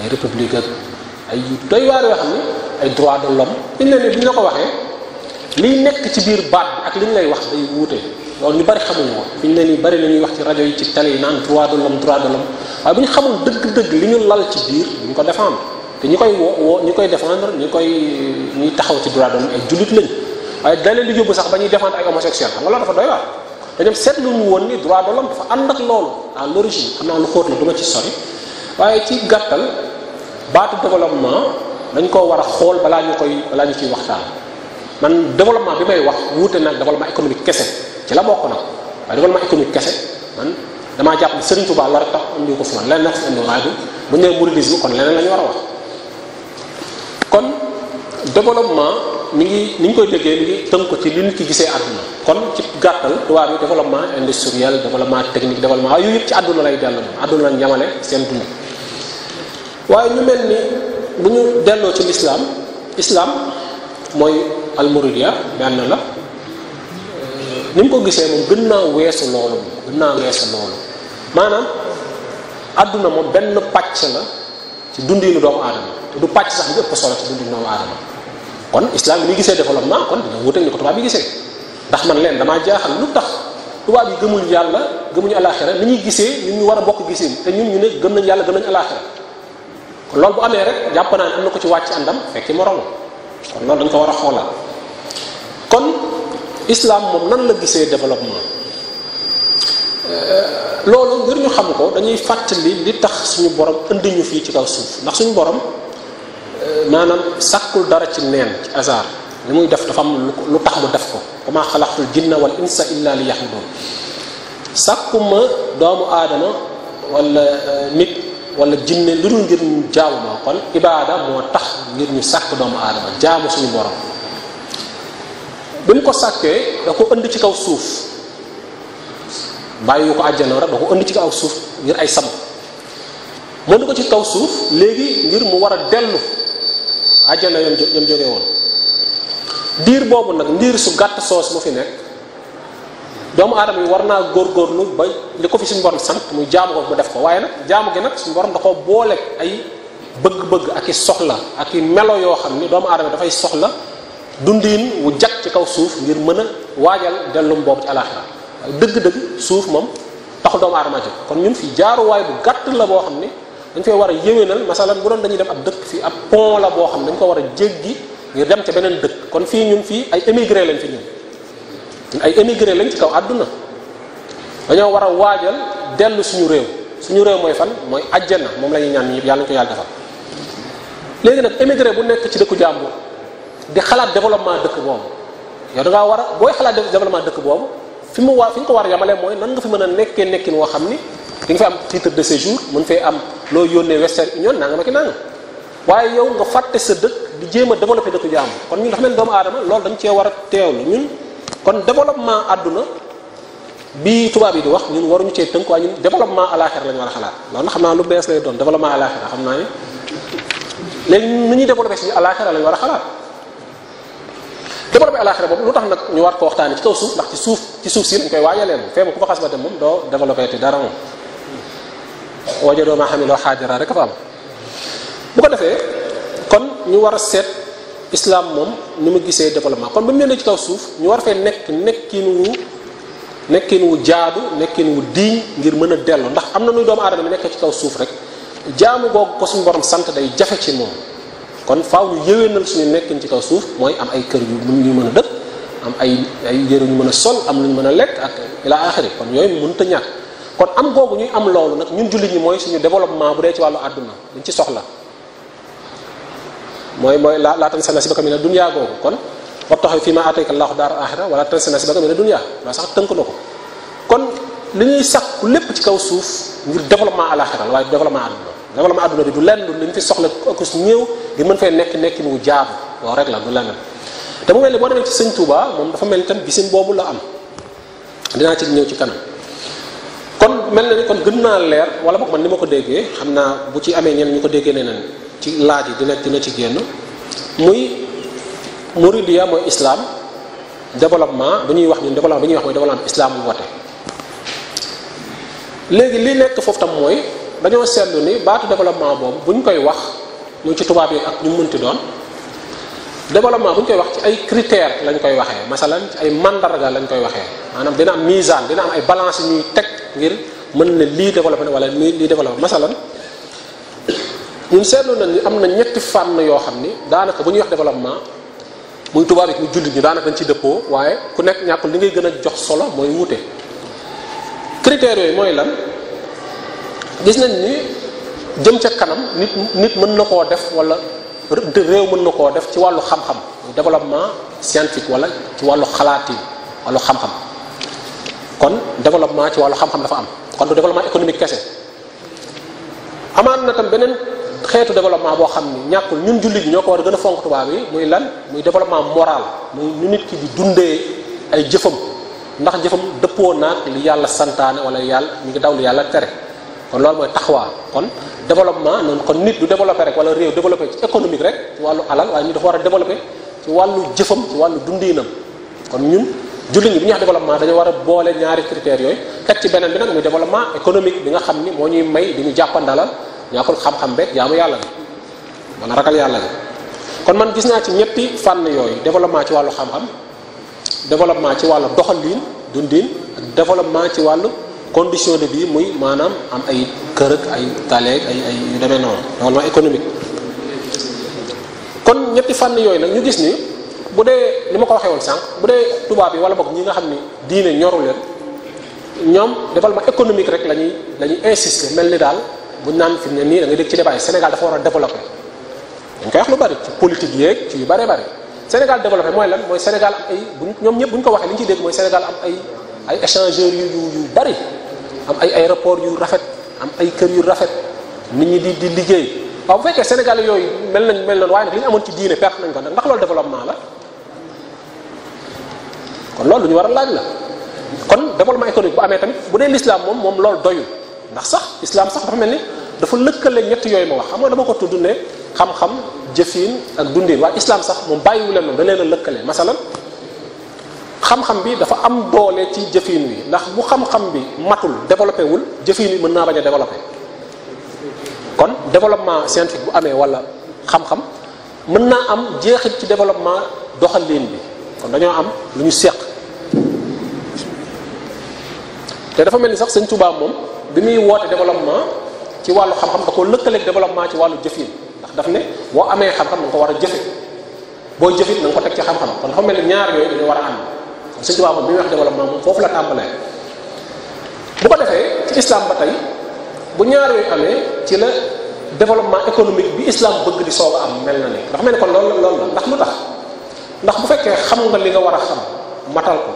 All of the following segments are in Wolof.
ay république ak ay doy waar yoo xam ne ay droit de l'homme liñ la ne bi ñu la ko waxee liy nekk ci biir baat bi ak liñ lay wax day wuute loolu ñu bari xamuñu ko fi ñu ne nii bari la ñuy wax ci rajo yi ci télé yi naan droit de l'homme droit de l'homme waaye bu ñu xamul dëgg-dëgg li ñu lal ci biir duñ ko defaan te ñu koy wo woo ñu koy défendre ñi koy ñuy taxaw ci droit de l'homme ay jullit lañ waaye dalee di yóbbu sax ba ñuy défendre ay homosexuels xam nga loolu dafa doy waar dañoo seetlu woon ni droit de l'homme dafa ànd ak loolu à l'origine xam naa lu ma ci ci gàttal baatu développement dañ koo war a xool balaa ñu koy balaa ñu ciy waxtaan man développement bi may wax wuute nag développement économique kese ci la bokk nag waaye développement économique kese man damaa jàpp ne Serigne Touba la rek tax indi ko fi man leneen la ko fi indi waaye du bu ñu nee mouridisme kon leneen la ñu war a wax kon développement mi ngi ni ñu koy déggee mi ngi tënk ko ci li ñu ci gisee àdduna kon ci gàttal tubaab yi développement industriel développement technique développement waaye yooyu yëpp ci àdduna lay dellu àdduna lañ yamale seen dund waaye ñu mel ni bu ñu delloo ci lislaam islaam mooy almuridiya benn la ni mu ko gisee moom gën naa weesu loolu gën naa weesu loolu maanaam àdduna moom benn pàcc la ci dundinu doomu aadama te du pàcc sax bi ëpp solo ci dundinu doomu aadama kon islam bi ñuy gisee développement kon dina wuuteeg ni ko tubaab yi gisee ndax man leen damaa jaaxal lu tax tubaab yi gëmul yàlla gëmuñu alaxira ni ñuy gisee ñun ñu war a bokk gisee te ñu ñu ne gën nañ yàlla gëm nañ alaxira lool loolu bu amee rek jàpp naa am na ko ci wàcc àndam fekki moromu kon loolu dañ ko war a xoolal kon islaam moom nan la gisee développement euh, loolu ngir ñu xam ko dañuy fàttali li tax suñu borom indi ñu fii ci kaw suuf ndax suñu borom euh, maanaam sàkkul dara ci neen ci hasard li muy def dafa am lu tax mu def ko wama xalaqtul jinna wal insa illa li yaxbudun sàkkuma doomu aadama wala euh, nit wala jinne lu dul ngir ñu jaamu ma kon ibaada moo tax ngir ñu sàkk doomu aadama jaamu suñu borom bi mu ko sàkkee da ko ënd ci kaw suuf bàyyi ko àjjana rek da ko ënd ci kaw suuf ngir ay sabab mënu ko ci kaw suuf léegi ngir mu war a dellu àjjana yam yam jógee woon diir boobu nag ndiir su gàtt soos mu fi nekk doomu aadama yi war naa góor góorgóorlu ba li ko fi suñu borom sant muy jaamu ko mu def ko waaye nag jaamu gi nag suñu borom da koo boole ay bëgg-bëgg ak i soxla ak i melo yoo xam ni doomu aadama dafay soxla dundiin wu jag ci kaw suuf ngir mën a waajal dellum boobu ci alaxira dëgg-dëgg suuf moom taxul doomu aadama jóg kon ñun fi jaaruwaay bu gàtt la boo xam ne dañ koy war a yéwénal masalan bu doon dañuy dem ab dëkk fii ab pont la boo xam ne dañ ko war a jéggi ngir dem ca beneen dëkk kon fii ñun fii ay émigré lañ fi ñun ay émigré lañ ci kaw àdduna dañoo war a waajal dellu suñu réew suñu réew mooy fan mooy ajjana moom la ñuy ñaan ñëpp yàlla ñu ko yàlla defal léegi nag émigré bu nekk ci dëkku jàmbur di xalaat développement dëkk boobu yow da war a booy xalaat développement dëkk boobu fi mu waa fi ñu ko war a yamale mooy nan nga fi mën a nekkee nekkin woo xam ni di nga fi am titre de séjour mën fee am loo yónnee Western Union naa nga ma ki naa nga waaye yow nga fàtte sa dëkk di jéem a développé dëkku jàmbur kon ñun dafa mel loolu dañ cee war a teewlu ñun kon développement àdduna bi tubaab yi di wax ñun waruñu cee tënk waaye ñun développement alaxira la war a xalaat loolu xam naa lu bees lay doon développement alaxira xam naa ñuy développé suñu alaxira la ñu war a xalaat développé alaxira boobu lu tax nag ñu war ko waxtaanee ci kaw suuf ndax ci suuf ci suuf si dañ koy waajalee moom fee ma ku ko xas ba dem moom doo développé te dara moom waja doo maa xam ne loo xaajara rek fa am bu ko defee kon ñu war a seet islaam moom ni ma gisee développement kon ba mu leen ci kaw suuf ñu war fee nekk nekkin wu nekkin wu jaadu nekkin wu diiñ ngir mën a dellu ndax am na nuy doomu aadama bi nekk ci kaw suuf rek jaamu googu ko suñu borom sant day jafe ci moom kon faaw ñu nal suñu nekkin ci kaw suuf mooy am ay kër yu ñu mën a dëkk am ay ay yére ñu mën a sol am lu ñu mën a lekk ak ila axiri kon yooyu mun a ñàkk kon am googu ñu am loolu nag ñun jullit ñi mooy suñu développement bu dee ci wàllu àdduna dañ ci soxla mooy mooy la la tansa nasibaka mina dunya googu kon wabtaxi fii ma aatayka Allahu daar al-aaxira wala tansa nasibaka a dunya loolu sax tënk na ko kon li ñuy sax ku lépp ci kaw suuf ngir développement alaxira waaye développement àdduna développement àdduna bi du lenn lu ñu fi soxla akus ñëw ngir mën fay nekk nekk mu jaabu loolu rek la du lenn te mu mel ni boo demee ci sëñ Touba moom dafa mel ni tam bisim boobu la am dinaa ci ñëw ci kanam kon mel na kon gën naa leer wala boog man ni ma ko déggee xam naa bu ci amee ñenn ñu ko déggee nee ci laaj yi dina dina ci génn muy muridiya mooy islaam développement bu ñuy wax ñun développement bu ñuy wax mooy développement islam woote léegi li nekk foofu tam mooy dañoo seetlu ni baatu développement boobu bu ñu koy wax mu ci tubaab yi ak ñu ti doon développement bu ñu koy wax ci ay critères lañ koy waxee masalan ci ay mandarga lañ koy waxee maanaam dina am misaan dina am ay balance ñuy teg ngir mën na lii développé wala lii développé masalan ñun seetlu nañ ni am na ñetti fànn yoo xam ni daanaka bu ñuy wax développement muy tubaab it mu jullit ñi daanaka dañ ci dëppoo waaye ku nekk ñàkkul li ngay gën a jox solo mooy wuute critères yooyu mooy lan gis nañ ni jëm ca kanam nit nit mën na koo def wala réew mën na koo def ci wàllu xam-xam développement scientifique wala ci wàllu xalaat yi wàllu xam-xam kon développement ci wàllu xam dafa am kon du développement kese amaan na tam beneen xeetu développement boo xam ni ñàkkul ñun jullit ñi ñoo ko war a gën a fonk tubaab yi muy lan muy développement moral muy ñu nit ki di dundee ay jëfam ndax jëfam dëppoo naag li yàlla santaane wala yàlla ñu ngi daw li yàlla tere kon loolu mooy taxawaa kon développement noonu kon nit du développé rek réew développé ci économique rek ci ñu dafa war a développé ci wàllu jëfam ci wàllu dundiinam kon ñun jullit ñi bi ñuy wax dañu war a boole ñaari critères yooyu teg ci beneen bi nag muy développement économique bi nga xam ni moo ñuy may di ñu jàppandalal yaa xool xam-xam beeg jaamu yàlla bi wala rakal yàlla bi kon man gis naa ci ñetti fànn yooyu développement ci wàllu xam-xam développement ci wàllu doxal doxalin dundin ak développement ci wàllu condition de vie muy maanaam am ay kër ak ay taleeg ay demee noonu développement économique. kon ñetti fànn yooyu nag ñu gis ni bu dee li ma ko waxee woon sànq bu dee tubaab yi wala boog ñi nga xam ni diine ñoru leen ñoom développement économique rek lañuy ñuy la mel ni daal. bu naan fi ne nii da nga dégg ci débat yi Sénégal dafa war a développé dañ koy wax lu bari ci politique yeeg ci yu bare bari Sénégal développé mooy lan mooy Sénégal am ay bu ñoom ñëpp bu ñu ko waxee li ñu ciy dégg mooy Sénégal am ay ay yu bari am ay aéroport yu rafet am ay kër yu rafet nit ñi di di liggéey waaw bu fekkee Sénégal yooyu mel nañ mel noonu waaye nag li ñu amoon ci diine perte nañ ko nag ndax loolu développement la kon loolu ñu war a laaj la kon développement économique bu amee tamit bu dee lislaam moom moom loolu doyul ndax sax islam sax dafa mel ni dafa lëkkale ñett yooyu ma wax xam nga dama ko tudd ne xam-xam jëfin ak dundin waaye islam sax moom bàyyiwu leen noonu da leen a lëkkale masalan xam-xam bi dafa am doole ci jëfin wi ndax bu xam-xam bi matul développé wul jëfin wi mën naa bañ a développé kon développement scientifique bu amee wala xam-xam mën naa am jeexit ci développement doxalin bi kon dañoo am lu ñu seq te dafa mel ni sax sëñ Tuubaa moom bi muy woote développement ci wàllu xam-xam da koo lëkkaleek développement ci wàllu jëfin ndax daf ne boo amee xam-xam nga ko war a jëfe boo jëfit na nga ko teg ci xam-xam kon dafa mel ni ñaar yooyu dañu war a ànd kon sëñ Tuubaa moom bi muy wax développement moom foofu la ci islam bu ñaar yooyu ci la développement économique bi islam di soog am mel na ni ndax mel ne kon loolu loolu la ndax mu tax ndax bu fekkee xam nga li nga war a xam matal ko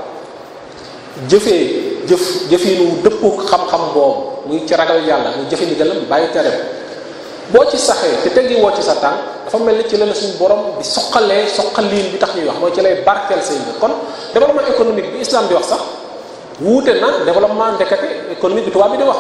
jëfee jëf jëfin wu dëppu xam-xam boobu muy ci ragal yàlla muy jëfin gëlam bàyyi tere boo ci saxee te teggee woo ci sa tànk dafa mel ni ci la la suñu borom di soqalee soqaliin bi tax ñuy wax mooy ci lay say kon développement économique bi islam di sax wuute na développement ndekete économique bi tubaab bi di wax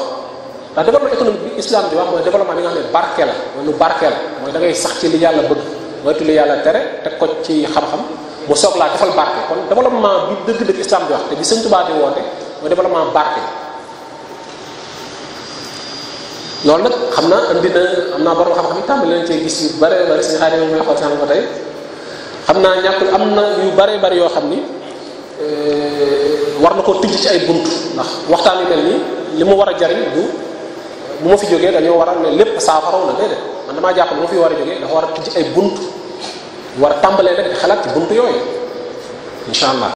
ndax développement économique bi islam di wax mooy développement bi nga xam ne barkeel la mooy lu barkeel mooy da ngay sax ci li yàlla bëgg mooy li yàlla tere teg ko ci xam-xam mu soog laa defal barke kon développement bi dëgg-dëgg islam di wax te bi sëñ Tuubaa di woote mooy développement barke loolu nag xam naa indi na am naa borom xam-xam yi tàmbali leen cee gis yu bare bari suñu xaar ba tey xam naa ñàkkul am na yu bare bari yoo xam ni war na koo tijj ci ay bunt ndax waxtaan yu mel nii li ma war a jariñ du bu ma fi jógee dañoo war a ne lépp saafaraw na déedéet man damaa jàpp bu ma fi war a jógee dafa war a tijj ay bunt war a tàmbalee nag xalaat ci bunt yooyu incha allah